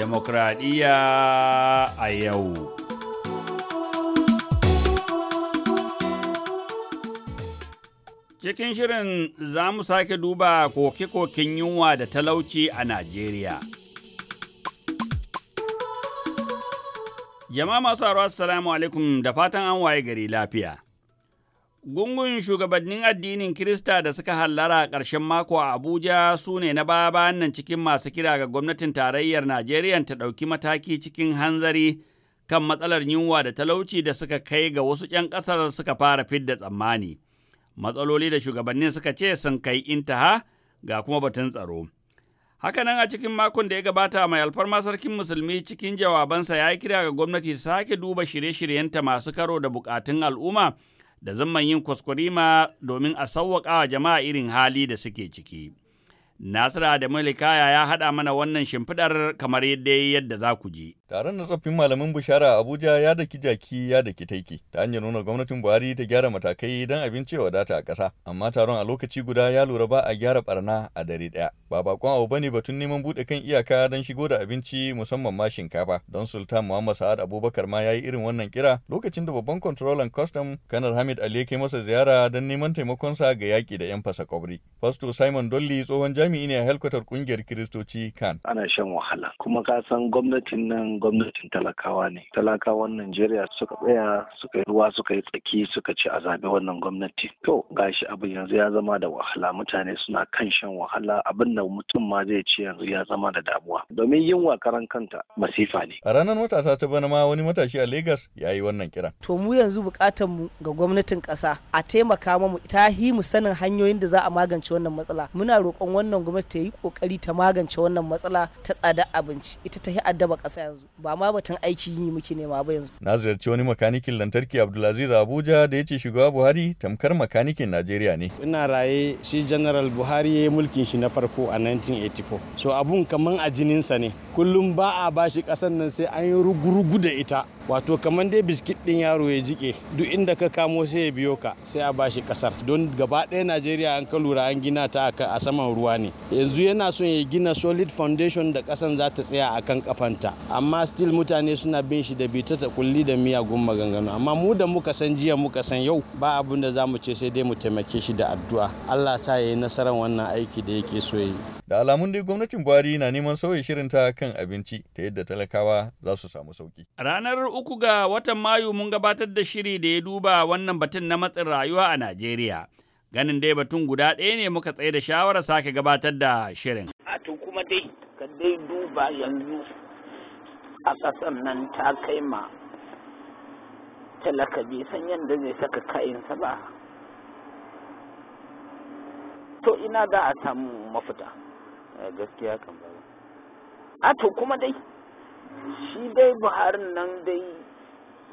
demokradiyya a yau. Cikin shirin za mu sake duba koke-koken yunwa da talauci a Najeriya. Jama'a masu haro, Assalamu alaikum da fatan an waye gari lafiya. Gungun shugabannin addinin Kirista da suka hallara a ƙarshen mako a Abuja su ne na baya nan cikin masu kira ga gwamnatin tarayyar Najeriya ta ɗauki mataki cikin hanzari kan matsalar yunwa da talauci da suka kai ga wasu ‘yan ƙasar suka fara fidda tsammani. Matsaloli da shugabannin suka ce sun kai intaha ga kuma batun tsaro. Haka nan a cikin makon da ya gabata mai alfarma sarkin musulmi cikin jawabansa ya yi kira ga gwamnati sake duba shirye-shiryenta masu karo da bukatun al'umma da zamman yin kwaskwarima domin a sauwaƙa wa jama'a irin hali da suke ciki. Nasira da Malikaya ya haɗa mana wannan shimfiɗar kamar yadda dai yadda za ku je. Taron na tsoffin malamin Bushara Abuja ya daki jaki ya daki taiki ta hanyar nuna gwamnatin Buhari ta gyara matakai don abinci ya wadata a ƙasa. Amma taron a lokaci guda ya lura ba a gyara barna a dare ɗaya. Ba baƙon abu bane batun neman buɗe kan iyaka don shigo da abinci musamman ma shinkafa. Don Sultan Muhammad Sa'ad Abubakar ma ya yi irin wannan kira lokacin da babban kontrolan kwastam Kanar Hamid Ali ya kai masa ziyara don neman taimakonsa ga yaƙi da 'yan fasa kwabri. Fasto Simon Dolly tsohon jami'in sami ne a helkwatar kungiyar kiristoci kan ana shan wahala kuma ka san gwamnatin nan gwamnatin talakawa ne talakawan najeriya suka tsaya suka yi ruwa suka yi tsaki suka ci a zaɓe wannan gwamnati to gashi abin yanzu ya zama da wahala mutane suna kan shan wahala abin da mutum ma zai ci yanzu ya zama da damuwa domin yin wa karan kanta masifa ne a ranar matasa ta bana ma wani matashi a lagos ya yi wannan kira to mu yanzu bukatar mu ga gwamnatin kasa a taimaka mu ta hi mu sanin hanyoyin da za a magance wannan matsala muna roƙon wannan wannan gwamnati ta yi kokari ta magance wannan matsala ta tsada abinci ita ta yi addaba ƙasa yanzu ba ma batun aiki yi muke nema ba yanzu na ziyarci wani makanikin lantarki Abdulaziz Abuja da ya ce shugaba Buhari tamkar makanikin Najeriya ne ina raye shi General Buhari ya yi mulkin shi na farko a 1984 so abun kaman a jininsa ne kullum ba a bashi kasar nan sai an yi rugurugu da ita wato kamar dai biskit din yaro ya jike duk inda ka kamo sai ya biyo ka sai a bashi kasar don gaba ɗaya Najeriya an ka lura an gina ta a saman ruwa ne yanzu yana son ya gina solid foundation da kasan za ta tsaya akan kafanta amma still mutane suna bin shi da bita ta kulli da miyagun maganganu amma mu da muka san jiya muka san yau ba abin da za mu ce sai dai mu taimake shi da addu'a Allah sa ya yi nasarar wannan aiki da yake so yi da alamun dai gwamnatin Buhari na neman sauya ta kan abinci ta yadda talakawa za su samu sauki ranar uku ga watan Mayu mun gabatar da shiri da ya duba wannan batun na matsin rayuwa a Najeriya Ganin dai batun guda ɗaya ne muka tsaye da shawarar sake gabatar da shirin. A tun kuma dai ka dai duba yanzu a ƙasar nan ta kai ma talaka bai san yadda zai saka kayansa ba. To ina za a samu mafita. Eh, gaskiya kan ba. A tun kuma dai shi dai Buharin nan dai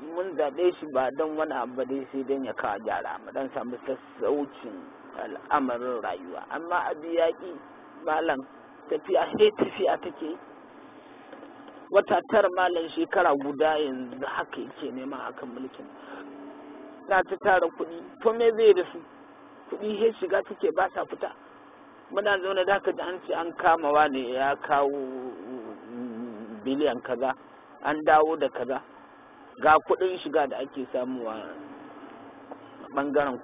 mun zaɓe shi ba don wani abu dai sai don ya kawo gyara mu don samu sassaucin al'amarin rayuwa amma abu yaƙi malam tafiya sai tafiya take wata tara malam shekara guda yanzu haka yake nema akan mulkin na ta tara kuɗi to me zai da su kuɗi sai shiga take ba sa fita muna zaune da haka an ce an kama ne ya kawo mm, mm, mm, biliyan kaza an dawo da kaza ga kudin shiga da ake samuwa bangaren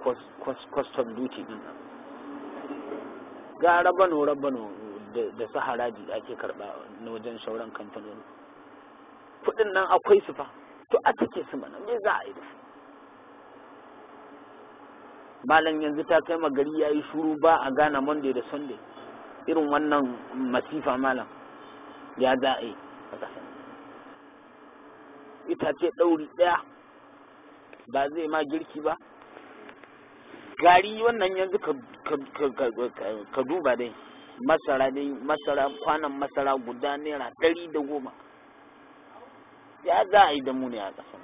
custom duty din ga rabano rabano da su haraji ake karɓa na wajen shauran kamfanoni kuɗin nan akwai su fa to a take su mana me za a yi da su malam yanzu ta kai magari ya yi shuru ba a gana monday da sunday irin wannan masifa malam ya za a yi a ƙasar itace ɗauri ɗaya ba zai ma girki ba gari wannan yanzu ka duba dai masara dai masara kwanan masara guda naira ɗari da goma ya za a yi da mu ne a ƙasa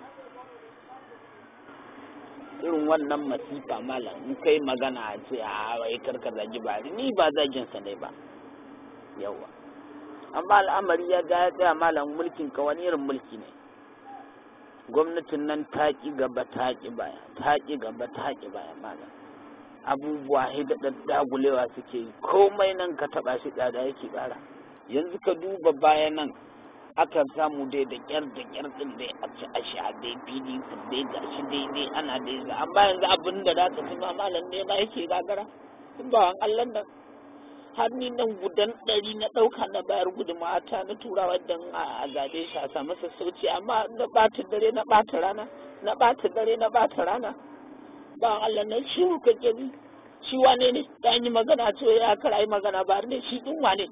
irin wannan masifa malam in kai magana a ce a wai karka zagi ba ni ba sa ne ba yawa amma al'amari ya ga ya tsaya malam mulkin ka wani irin mulki ne gwamnatin nan ta ƙi gaba ta ƙi baya ta ƙi gaba ta ƙi baya malam abubuwa da dagulewa suke yi komai nan ka taɓa shi tsada yake ƙara yanzu ka duba baya nan akan samu dai da ƙyar da ƙyar ɗin dai a ci a sha dai pdp dai ga shi dai dai ana dai za amma yanzu abin da za ka fi ma malam ne ma yake gagara in ba an allan nan har ni nan gudan ɗari na ɗauka na bayar gudunmawa ta na turawa don a zaɓe shi a samu sassauci amma na ɓata dare na ɓata rana na ɓata dare na ɓata rana ba Allah na shi ka gani shi wane ne ta yi magana ce ya kara yi magana ba ne shi ɗin wane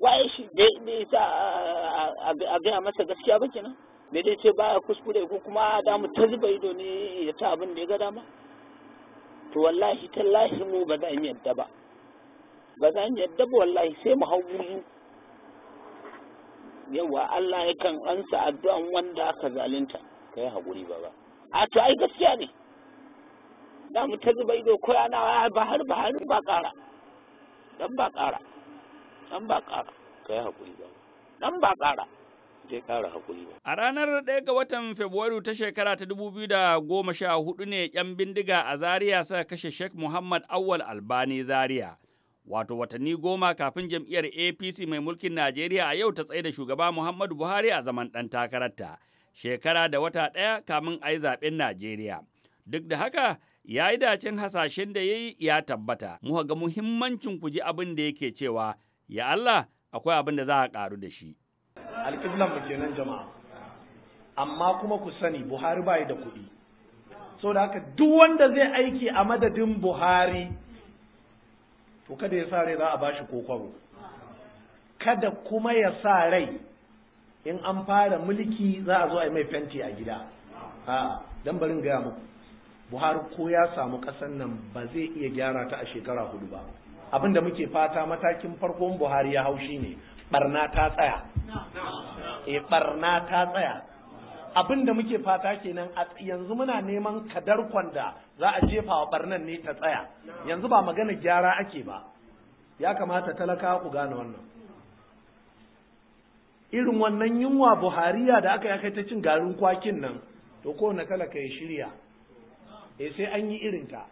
waye shi bai sa a gaya masa gaskiya ba kenan bai dai ce baya kuskure ko kuma da mu ta zuba ido ne ya ta abin da ya ga dama to wallahi tallahi mu ba za mu yadda ba ba za mu yadda ba wallahi sai mu hau wuri yawa Allah kan ansa addu'an wanda aka zalunta kai haƙuri baba a to ai gaskiya ne da mu ta zuba ido ko yana ah, ba har ba har ba ƙara dan ba ƙara dan ba ƙara kai haƙuri baba dan ba ƙara ƙara haƙuri A ranar 1 ga watan Fabrairu ta shekara ta 2014 ne 'yan bindiga a Zaria suka kashe Sheikh Muhammad Awal Albani Zaria. wato watanni goma kafin jam'iyyar apc mai mulkin najeriya a yau ta tsaye da shugaba muhammadu buhari a zaman ɗan takararta shekara da wata ɗaya kamin a yi zaɓen najeriya duk da haka ya yi dacin hasashen da ya yi ya tabbata muka ga muhimmancin ku ji abin da yake cewa ya allah akwai abin da za a ƙaru da shi alƙiblan mu kenan jama'a amma kuma ku sani buhari da kuɗi saboda haka duk wanda zai aiki a madadin buhari to kada ya sa rai za a ba shi kokwaro kada kuma ya sa rai in an fara mulki za a zo a yi mai fenti a gida a dan barin gaya muku buhari ko ya samu ƙasan nan ba zai iya gyara ta a shekara hudu ba abin da muke fata matakin farkon buhari ya haushi ne barna ta tsaya e eh, barna ta tsaya abin da muke fata kenan yanzu muna neman kadarkon da za a jefa wa barnan ne ta tsaya yanzu ba magana gyara ake ba ya kamata talaka ku gane wannan irin wannan yunwa buhariya da aka yaka ta cin garin kwakin nan to kowane talaka ya shirya e sai an yi irinta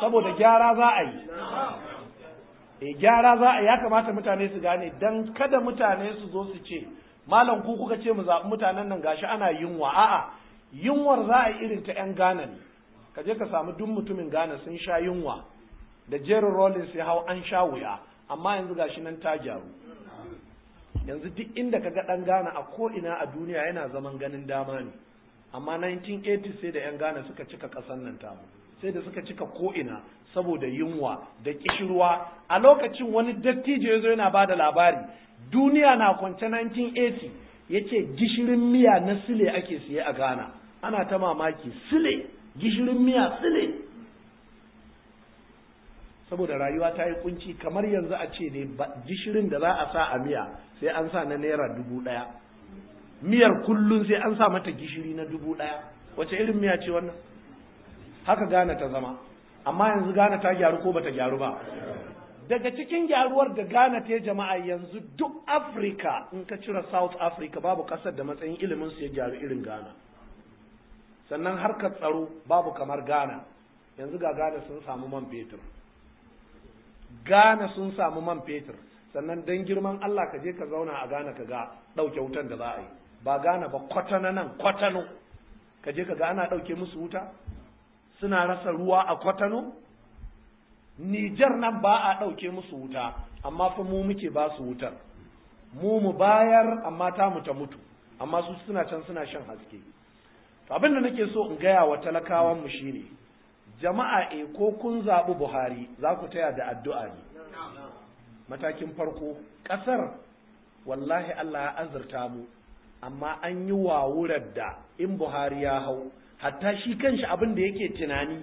saboda gyara za a yi e gyara za a ya kamata mutane su gane don kada mutane su zo su ce malam ku kuka ce mu zaɓi mutanen nan gashi ana yunwa a'a yunwar za a irin ta 'yan Ghana ne ka je ka samu duk mutumin Ghana sun sha yunwa da Jerry Rollins ya hau an sha wuya amma yanzu gashi nan ta gyaru yanzu duk inda ka ga ɗan Ghana a ko ina a duniya yana zaman ganin dama ne amma 1980 sai da 'yan gana suka cika kasan nan tamu sai da suka cika ko ina saboda yunwa da kishirwa a lokacin wani dattijo ya zo yana ba da labari duniya na kwance 1980 ya ce gishirin miya na sile ake siye a ghana ana ta mamaki sile gishirin miya sile saboda rayuwa ta yi kunci kamar yanzu a ce ne gishirin da za a sa a miya sai an sa na naira dubu ɗaya miyar kullum sai an sa mata gishiri na dubu ɗaya wace irin miya ce wannan haka Gana ta zama amma yanzu Gana ta gyaru ko bata gyaru ba daga cikin gyaruwar da Ghana ta jama'a yanzu duk Afrika in ka cire South Africa babu ƙasar da matsayin ilimin su ya gyaru irin Ghana sannan harkar tsaro babu kamar Ghana yanzu ga Ghana sun samu man fetur Ghana sun samu man fetur sannan dan girman Allah ka je ka zauna a Ghana ka ga ɗauke wutan da za a yi ba Ghana ba kwatana nan kwatano ka je ka ga ana ɗauke musu wuta suna rasa ruwa a kwatano Nijar nan ba a ɗauke musu wuta amma fa mu muke ba su wutar mu mu bayar amma ta mu ta mutu amma su suna can suna shan haske abin da nake so in gaya wa talakawan mu shine jama'a e ko kun zaɓi Buhari za ku taya da addu'a ne matakin farko ƙasar wallahi Allah ya azurta mu amma an yi wurar da in Buhari ya hau hatta shi kanshi abin da yake tunani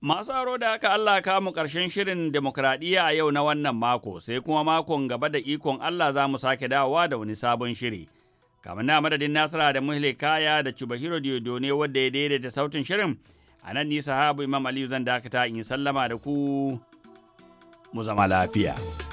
Masu aro da haka Allah mu ƙarshen shirin demokradiyya a yau na wannan mako, sai kuma makon gaba da ikon Allah za mu sake dawowa da wani sabon shiri. Kamar na madadin Nasara da Muhle Kaya da Chubahiro Diodo ne wadda ya daidaita sautin shirin, a nan ni sahabu Imam Aliyu zan dakata in sallama da ku mu zama lafiya.